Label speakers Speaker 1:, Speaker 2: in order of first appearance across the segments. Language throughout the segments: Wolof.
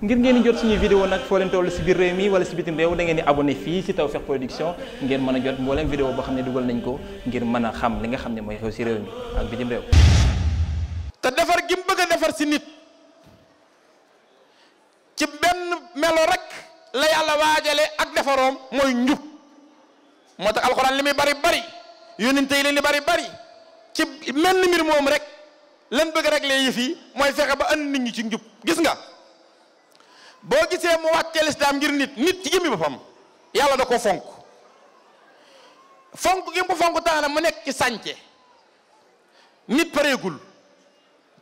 Speaker 1: ngir ngeen jot suñuy vidéo nag foo leen toll si biir réew mi wala si bitim réew da ngeen di abonné fii si Tawfekh Production ngeen mën a jot mbooleem vidéo boo xam ne dugal nañ ko ngir mën a xam li nga xam ne mooy xew si réew mi ak bitim réew te defar gi mu bëgg a defar si nit ci benn melo rek la yàlla waajale ak defaroom mooy njub moo tax alxuraan li muy bari bari yónnente yi leen bari bari ci mel ni mbir moom rek lan bëgg rek lay yi mooy fexe ba andi ci njub gis nga boo gisee mu wàccee lislaam ngir nit nit ci jëmmi boppam yàlla da ko fonk fonk gi mu fonk tax na mu nekk ci sànce nit pareegul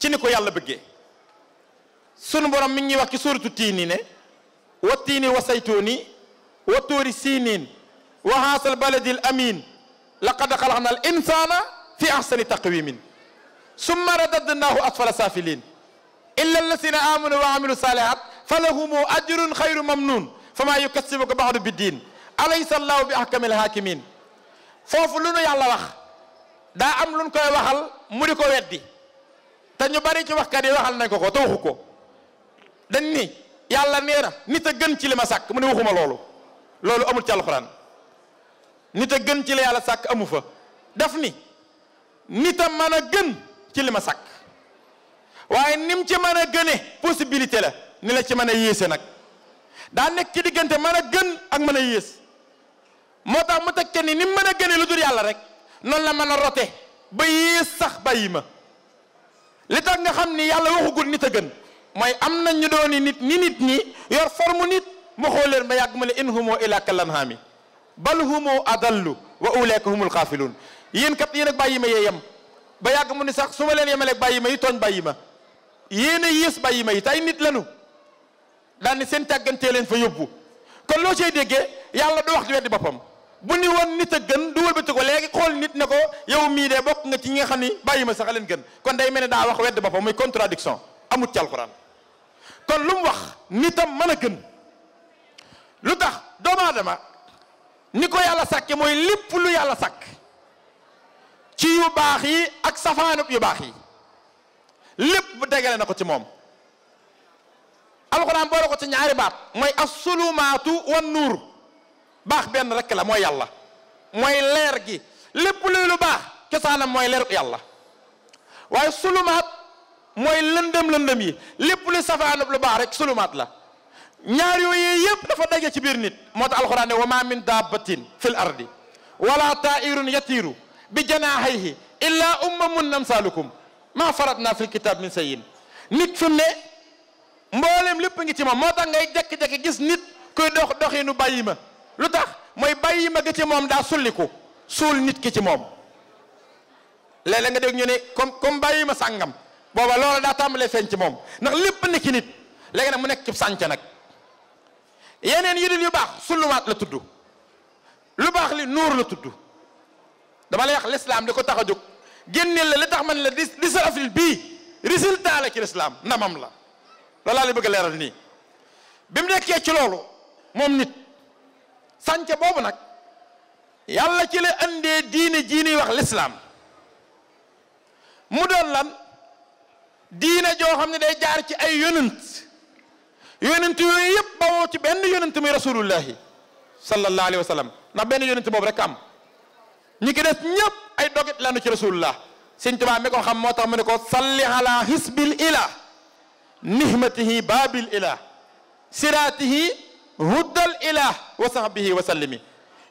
Speaker 1: ci ni ko yàlla bëggee sunu borom mi ngi wax ci suuratu tiini ne wa tiini wa saytuuni wa tuuri siiniin wa haasal baladil amiin laqad xalaqna al insaana fi ahsani taqwiimin summa radadnaahu asfala saafiliin illa allazina aamanu wa amilu saalihaat fa lahumu ajrun xayru mamnun fa maa yukasibuka baxdu bi diin alaysa allahu bi ahkamil hakimin foofu lu nu yàlla wax daa am luñ koy waxal mu di ko weddi te ñu bari ci waxkat yi waxal nañ ko ko te waxu ko dañ ni yàlla nee na nit a gën ci li ma sàkk mu ne waxuma loolu loolu amul ci alxuraan nit a gën ci li yàlla sàkk amu fa daf ni nit a mën a gën ci li ma sàkk waaye nim ci man a gëne possibilité la ni la ci mën a yéese nag daa nekk ci diggante mën a gën ak mën a yées moo tax mu teg ni ni mën a gënee lu dul yàlla rek noonu la mën a rote ba yées sax bàyyi ma li tax nga xam ni yàlla waxugul nit a gën mooy am na ñu doon nit ni nit ñi yor forme nit ma xool leen ba yàgg ma ne in humoo ila kalanhaami bal humoo adallu wa ulaika humul xaafiluun yéen kat yéen bàyyi ma yee yem ba yàgg mu ni sax su ma leen yemaleeg bàyyi ma yi tooñ bàyyi ma yéen a yées bàyyi ma yi tey nit daal ne seen tàggantee leen fa yóbbu kon loo cay déggee yàlla du wax di weddi boppam bu ni woon nit a gën du wëlbati ko léegi xool nit ne ko yow mii de bokk nga ci ñi nga xam ni bàyyi ma sax a leen gën kon day mel ne daa wax weddi boppam muy contradiction amut ci alxuraan kon lu mu wax nitam mën a gën lu tax doomu aadama ni ko yàlla sàkke mooy lépp lu yàlla sàkk ci yu baax yi ak safaanub yu baax yi lépp bu degale na ko ci moom alxuraan boole ko ci ñaari baat mooy assulumaatu wan nuur baax benn rek la mooy yàlla mooy leer gi lépp luy lu baax cosaanam mooy leeru yàlla waaye sulumaat mooy lëndëm lëndëm yi lépp lu safaanub lu baax rek sulumaat la ñaar yooyu yëpp dafa daje ci biir nit moo tax alxuraan ne wa ma min dabbatin fil ardi wala taa'irun yatiiru bi janaahihi illaa ummamun amsaalukum maa faratna fil kitaab min sayin nit fi mbooleem lépp ngi ci moom moo tax ngay jékki-jékki gis nit kuy dox doxinu bàyyi ma lu tax mooy bàyyi ma gi ci moom daa ko suul nit ki ci moom léeg nga dégg ñu ne comme comme bàyyi ma sàngam booba loola daa tàmbalee feeñ ci moom ndax lépp ni ki nit léegi nag mu nekk ci sànc nag yeneen yu dul yu baax sulluwaat la tudd lu baax li nuur la tudd dama lay wax l'islam li ko tax a jóg génneel la li tax man la di di sa bii résultat la ci l'islam ndamam la loolu laa la bëgg leeral nii bi mu nekkee ci loolu moom nit sànce boobu nag yàlla ci la andee diine jiiniy wax lislaam mu doon lan diine joo xam ne day jaar ci ay yonent yonent yooyu yëpp bawoo ci benn yonent muy rasulullahi sallallahu alayhi wa sallam ndax benn yonent boobu rek am ñi ki des ñëpp ay dogit lanu ci rasulullah sëñ Tuubaa mi ko xam moo tax mu ne ko salli ala hisbil ilah nihmatihi baabil ilah siraatihi huddal ilah wa sahbihi wa sallimi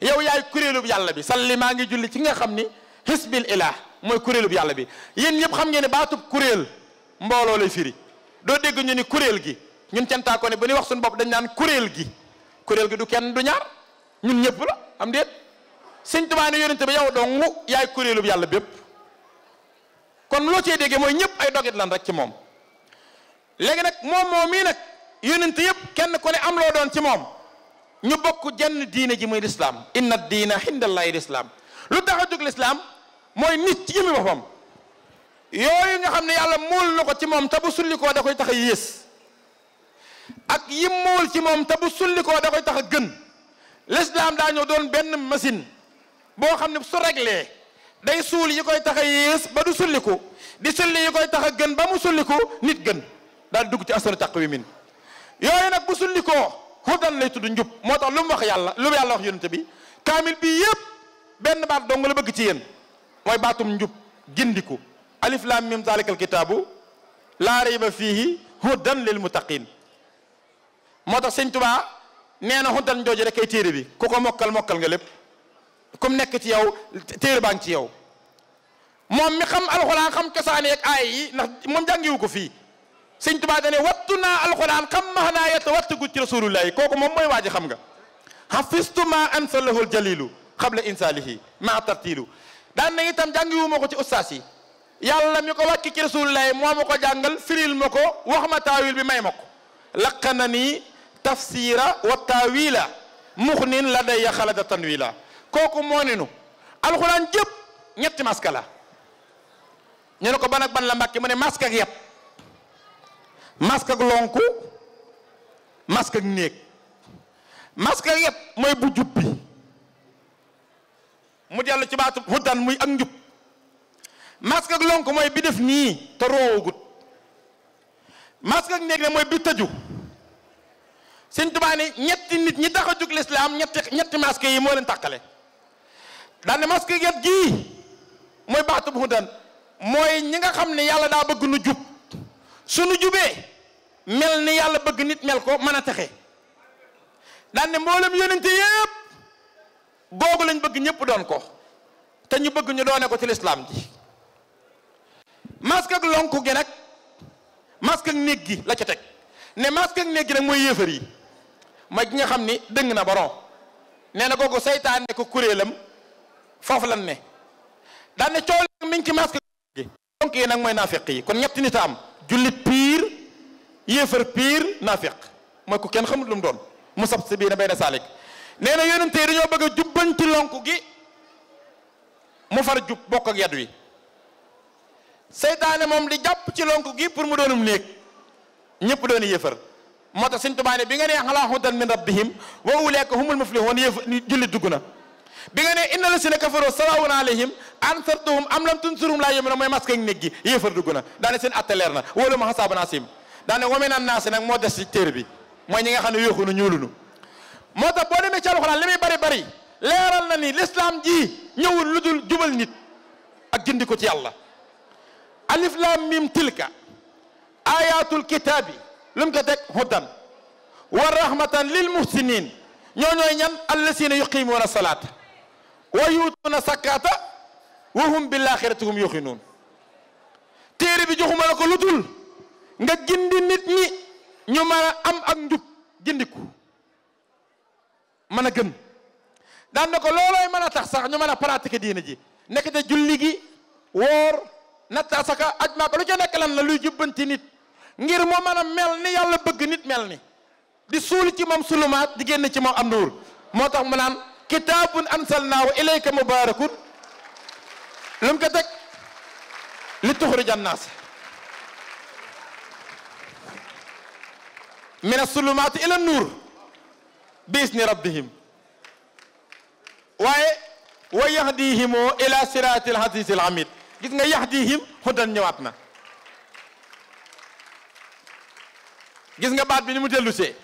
Speaker 1: yow yaay kuréelub yàlla bi salli maa ngi julli ci nga xam ni hisbil ilah mooy kuréelub yàlla bi yéen ñëpp xam ngeen ne baatub kuréel mbooloo lay firi doo dégg ñu ni kuréel gi ñun cantaa ko ba bu ñuy wax suñu bopp dañ naan kuréel gi kuréel gi du kenn du ñaar ñun ñëpp la am déet sëñ Tuubaa ne yonente bi yow dong yaay kuréelub yàlla bépp kon loo cee déggee mooy ñëpp ay dogit lan rek ci moom léegi nag moom moom mii nag yonent yëpp kenn ku ne am loo doon ci moom ñu bokk jenn diine ji muy lislaam inna diina xindallaahi lislaam lu tax a jóg lislaam mooy nit ci jëmmi boppam yooyu nga xam ne yàlla muul na ko ci moom te bu sullikoo da koy tax a yées ak yim muul ci moom te bu sullikoo da koy tax a gën lislaam daa ñëw doon benn machine boo xam ne su réglee day suul yi koy tax a yées ba du sulliku di sulli yi koy tax a gën ba mu sulliku nit gën daal dugg ci asanu taqwimin yooyu nag bu sulli koo lay tudd njub moo tax lu mu wax yàlla lu mu yàlla wax yonent bi kaamil bii yëpp benn baat dong la bëgg ci yéen mooy baatum njub gindiku alif lam mim zalikal kitaabu moo tax sëñ tubaa nee na hudan jooju rek ay téere bi ku ko mokkal mokkal nga lépp kum nekk ci yow téere baa ci yow moom mi xam alxuraan xam cosaani ak aay yi ndax moom jàngiwu ko fii sëñ tubaa dane wattu naa alxuraan xam max naa yetta wattu gu rasulullahi kooku moom mooy waa ji xam nga hafistu ma ansalahul jalilu xabla insalihi ma tartilu daan na itam jàngiwuma ko ci ustaas yi yàlla mi ko wàcc ci rasulullahi moo ma ko jàngal firil ma ko wax ma taawil bi may ma ko laqana nii tafsira wa taawila muxnin la day yaxalada tanwila kooku moo ne nu alxuraan jëpp ñetti maska la ñu ne ko ban ak ban la mbàkki mu ne maska ak yet masque ak lonku masque néeg masque ak mooy bu jub mu dellu ci baatu hudan muy ak njub masque ak lonku mooy bi def nii te roowagut masque ak néeg ne mooy bi tëju sëñ Tuubaa ni ñetti nit ñi tax a jug lislaam ñetti ñetti masque yi moo leen tàqale daane masque yet gii mooy baatu bu hudan mooy ñi nga xam ni yàlla daa bëgg nu jub sunu jubee mel ni yàlla bëgg nit mel ko mën a texe daan ne mboolem yonente yépp googu lañ bëgg ñëpp doon ko te ñu bëgg ñu doone ko ci lislaam ji masque ak lonku gi nag masque ak néeg gi la ca teg ne masque ak néeg gi nag mooy yéefar yi mooy gi nga xam ni dëng na baron nee na googu saytaane ko kuréelam foofu lan ne daan ne coow mi ci masque gi lonk yi nag mooy naafiq yi kon ñetti nit a am jullit piir yéefar piir naafiq mooy ku kenn xamul lum doon mu sab si bii na bay na saalik nee na yonente yi dañoo bëgg a ci lonk gi mu far jub bokk ak yad wi seytaane moom di jàpp ci lonk gi pour mu doonum néeg ñëpp doon yéefar moo tax suñ tubaane bi nga nee xalaa xudan min rabbihim wa ulaika humul muflihun yéefar jullit dugg na bi nga ne inna la si na kafaroo salaawun alayhim ansartuhum am lam tunsurum laa yomina mooy masque ak néeg gi yéefar dugg na daane seen atte leer na ma xasaaba naa sim daane wame naan naa si nag moo des ci téere bi mooy ñi nga xam ne yooxunu ñuulunu moo tax boo demee ci alxuraan li muy bari bari leeral na ni lislaam ji ñëwul lu dul jubal nit ak jëndi ko ci yàlla alif laam mim tilka ayatul kitaabi lu mu ko teg hudan wa rahmatan lil muhsinin ñoo ñan allasina yuqimuuna salaata wa yuutuuna sakkaata wa hum billaaxirati hum yuqinuun téere bi joxuma la ko lutul nga gindi nit ñi ñu mën a am ak njub gindiku mën a gën daan ko loolooy mën a tax sax ñu mën a pratiquer diina ji nekk te julli gi woor natt asaka aj maaka lu ca nekk lan la luy jubbanti nit ngir moo mën a mel ni yàlla bëgg nit mel ni di suul ci moom sulumaat di génn ci moom am nuur moo tax mu naan kitaabun ansalnaahu ilayka mubaarakun lu mu ko teg li tuxrija annaas min assulumaati ila nuur bi isni rabbihim waaye wa yahdihimoo ila siraati alxasiisi alxamid gis nga yahdihim xudan ñëwaat na gis nga baat bi ni mu dellusee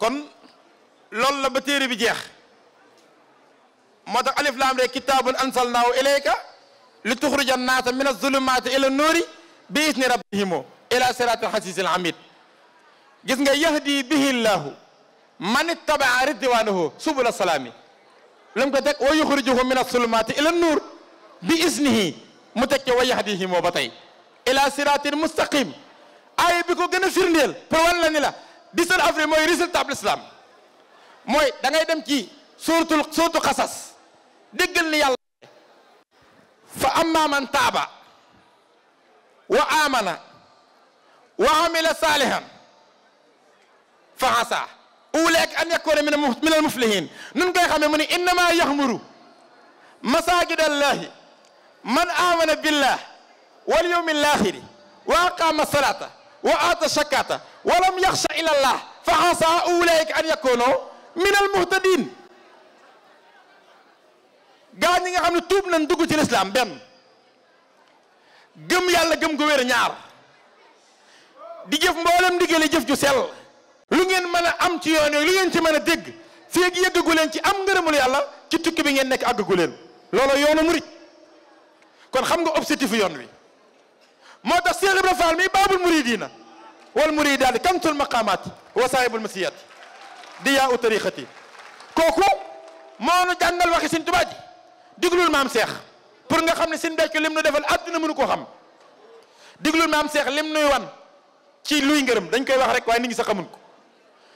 Speaker 1: kon loolu la ba téere bi jeex moo tax alif laam rek kitaabun ansalnaahu ilayka li tuxrija naasa min azulumaati ila nuuri bi isni rabbihimu ila siraatil xasiisil hamid gis nga yahdi bihi llaahu man ittabaa ridwaanahu subula salaami lam ko teg wa yuxrijuhu min azulumaati ila nuur bi isnihi mu tekke wa yahdihimu ba tey ila siraatil mustaqim aaya bi ko gën a firndeel pour wan la ni la 17 avril mooy résultat bu l'islam mooy da dem ci suuratul suuratu xasas déggal li fa amma man taaba wa amana wa amila salihan fa asa ulaika an yakuna min al muflihin nun koy xamee man amana billah wal yawmi al axiri wa aqama walam yaxsha ilallah fa xasa ulaika an yakunu min almuhtadin gaa ñi nga xam ne tuub nañ dugg ci lislaam benn gëm yàlla gëm ko wér ñaar di jëf mboolem ndigali jëf ju sel lu ngeen mën a am ci yoon yooyu lu ngeen ci mën a dégg feeg yëggagu leen ci am ngërëmul yàlla ci tukki bi ngeen nekk àggagu leen loolu yoonu murit kon xam nga objectif yoon wi moo tax Seex Ibra Faal mi baabul muridiina wal muridaat kamtul maqaamaat wa saahibul masiyaat diyaa u tariqati kooku moo nu jàngal waxi Sëñ Tuubaa ji diglul maam Seex pour nga xam ne Sëñ Béthio lim nu defal àdduna mënu koo xam diglul maam Seex lim nuy wan ci luy ngërëm dañ koy wax rek waaye nit ñi sax xamuñ ko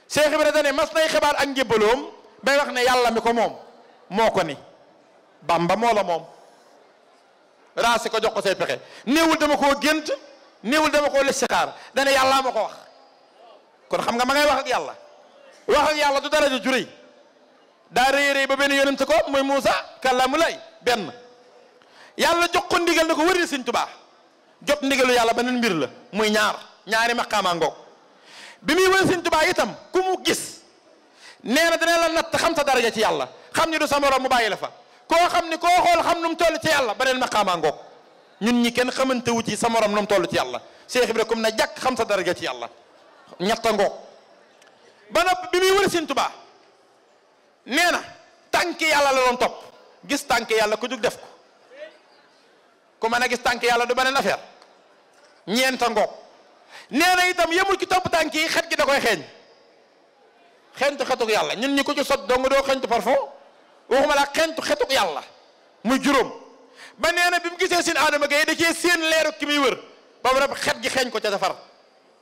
Speaker 1: Seex Ibra dane mas nay xibaar ak njëbbaloom bay wax ne yàlla mi ko moom moo ko ni Bàmba moo la moom raasi ko jox ko say pexe néewul dama koo gént néewul dama koo listixaar dana yàllaa moo ko wax kon xam nga ma ngay wax ak yàlla wax ak yàlla du dara ju rëy daa rëy rëy ba benn yonent ko mooy Moussa kàllaamu lay benn yàlla jox ko ndigal na ko wëri Sëñ Tuubaa jot ndigalu yàlla beneen mbir la muy ñaar ñaari maqaama ngoog bi muy wër Sëñ Tuubaa itam ku mu gis nee na dana la natt xam sa daraja ci yàlla xam ni du sa morom mu bàyyi la fa koo xam ni koo xool xam nu mu toll ci yàlla beneen maqaama ngoog ñun ñi kenn xamante wu ci sa morom nu mu toll ci yàlla Cheikh Ibra comme ne jàkk xam sa daraja ci yàlla ñetta ngoog ba nopp bi muy wër Sëñ Tuubaa nee na tànk yàlla la doon topp gis tànk yàlla ku jug def ko ku mën a gis tànk yàlla du beneen affaire ñeenta ngoog nee na itam yemul ci topp tànk yi xet gi da koy xeeñ xentu xetuk yàlla ñun ñi ko ci sot dong doo xentu parfum waxuma la xentu xetuk yàlla muy juróom ba nee na bi mu gisee seen aadama gay da cee seen leerug ki muy wër ba mu rab xet gi xeeñ ko ca safara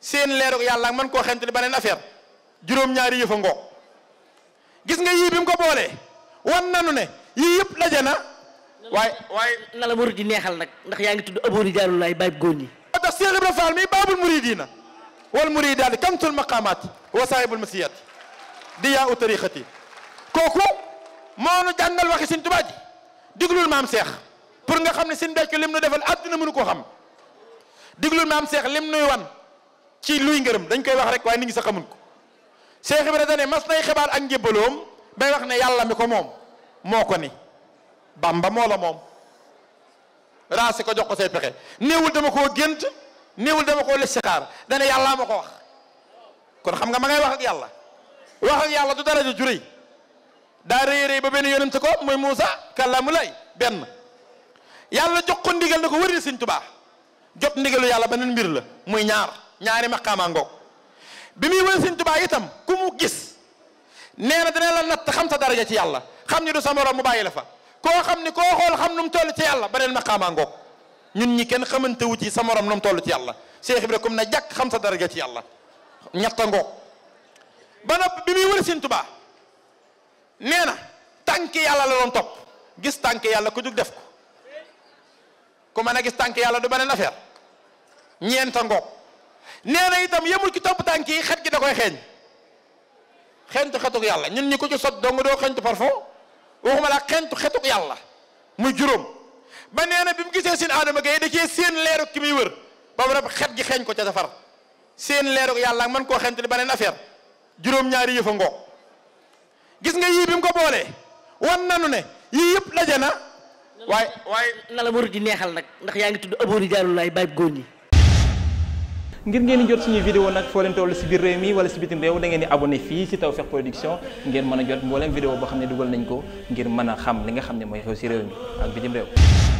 Speaker 1: seen leerug yàlla ak man koo xeeñte ni beneen affaire juróom-ñaari yëfa ngoog gis nga yii bi mu ko boolee wan nanu ne yii yëpp daje na waaye waaye na la warut di neexal nag ndax yaa ngi tudd aboori jaalulaay baay góor ñi ba tax Seex Ibra Faal mi baabul muridiina wal muridaati kamtul maqaamaati wa saahibul masiyaati diyaa u tariqati kooku moo nu jàngal waxi Sëñ Seex pour nga xam ne seen becco lim nu defal àdduna mënu ko xam diglul maam seex lim nuy wan ci luy ngërëm dañ koy wax rek waaye nit ñi sa xamun ko Seex Ibra dane mas nay xibaar ak njëbbaloom bay wax ne yàlla mi ko moom moo ko ni bamba moom raasi ko jox ko say pexe néewul dama koo gént néewul dama koo listixaar dane yàllaa ma ko wax kon xam nga ma ngay wax ak yàlla wax ak yàlla du dara ju daa rëy rëy ba benn yonent ko mooy Muusa kàllaamu lay benn yàlla jox ko ndigal na ko wëril sëñ tubaa jot ndigalu yàlla beneen mbir la muy ñaar ñaari maqaamaa ngoog bi muy wër sëñ tubaa itam ku mu gis nee na dana la natt xam sa daraja ci yàlla xam ni du sa morom mu bàyyi la fa koo xam ni koo xool xam nu mu toll ci yàlla beneen maqaamaa ngoog ñun ñi kenn xamante ci sa morom nu mu toll ci yàlla Cheikh Ibra comme na jàkk xam sa daraja ci yàlla ñetta nopp bi muy wër sëñ tubaa nee na tànk yàlla la doon topp gis tànk yàlla ku jug def ko ku mën a gis tànk yàlla du beneen affaire ñeenta ngoog nee na itam yemul ci topp tànk yi xet gi da koy xeeñ xentu xetuk yàlla ñun ñi ko ci sot dong doo xentu parfum waxuma la xentu xetuk yàlla muy juróom ba nee na bi mu gisee seen aadama gay da cee seen leerug ki muy wër ba mu rab xet gi xeeñ ko ca safar seen leerug yàlla man koo xentu di beneen affaire juróom-ñaari yëfa ngoog gis nga yii bi mu ko boolee wan nanu ne yii yëpp daje na waaye waaye na la murid di neexal nag ndax yaa ngi tudd aboori jaalulaay bàyyi góor ñi ngir ngeen jot suñu vidéo nag foo leen si biir réew mi wala si bitim réew dangeen ngeen di abonné fii si taw Tawfekh Production ngeen mën a jot mbooleem vidéo boo xam ne dugal nañ ko ngir mën a xam li nga xam ne mooy xew si réew mi ak bitim réew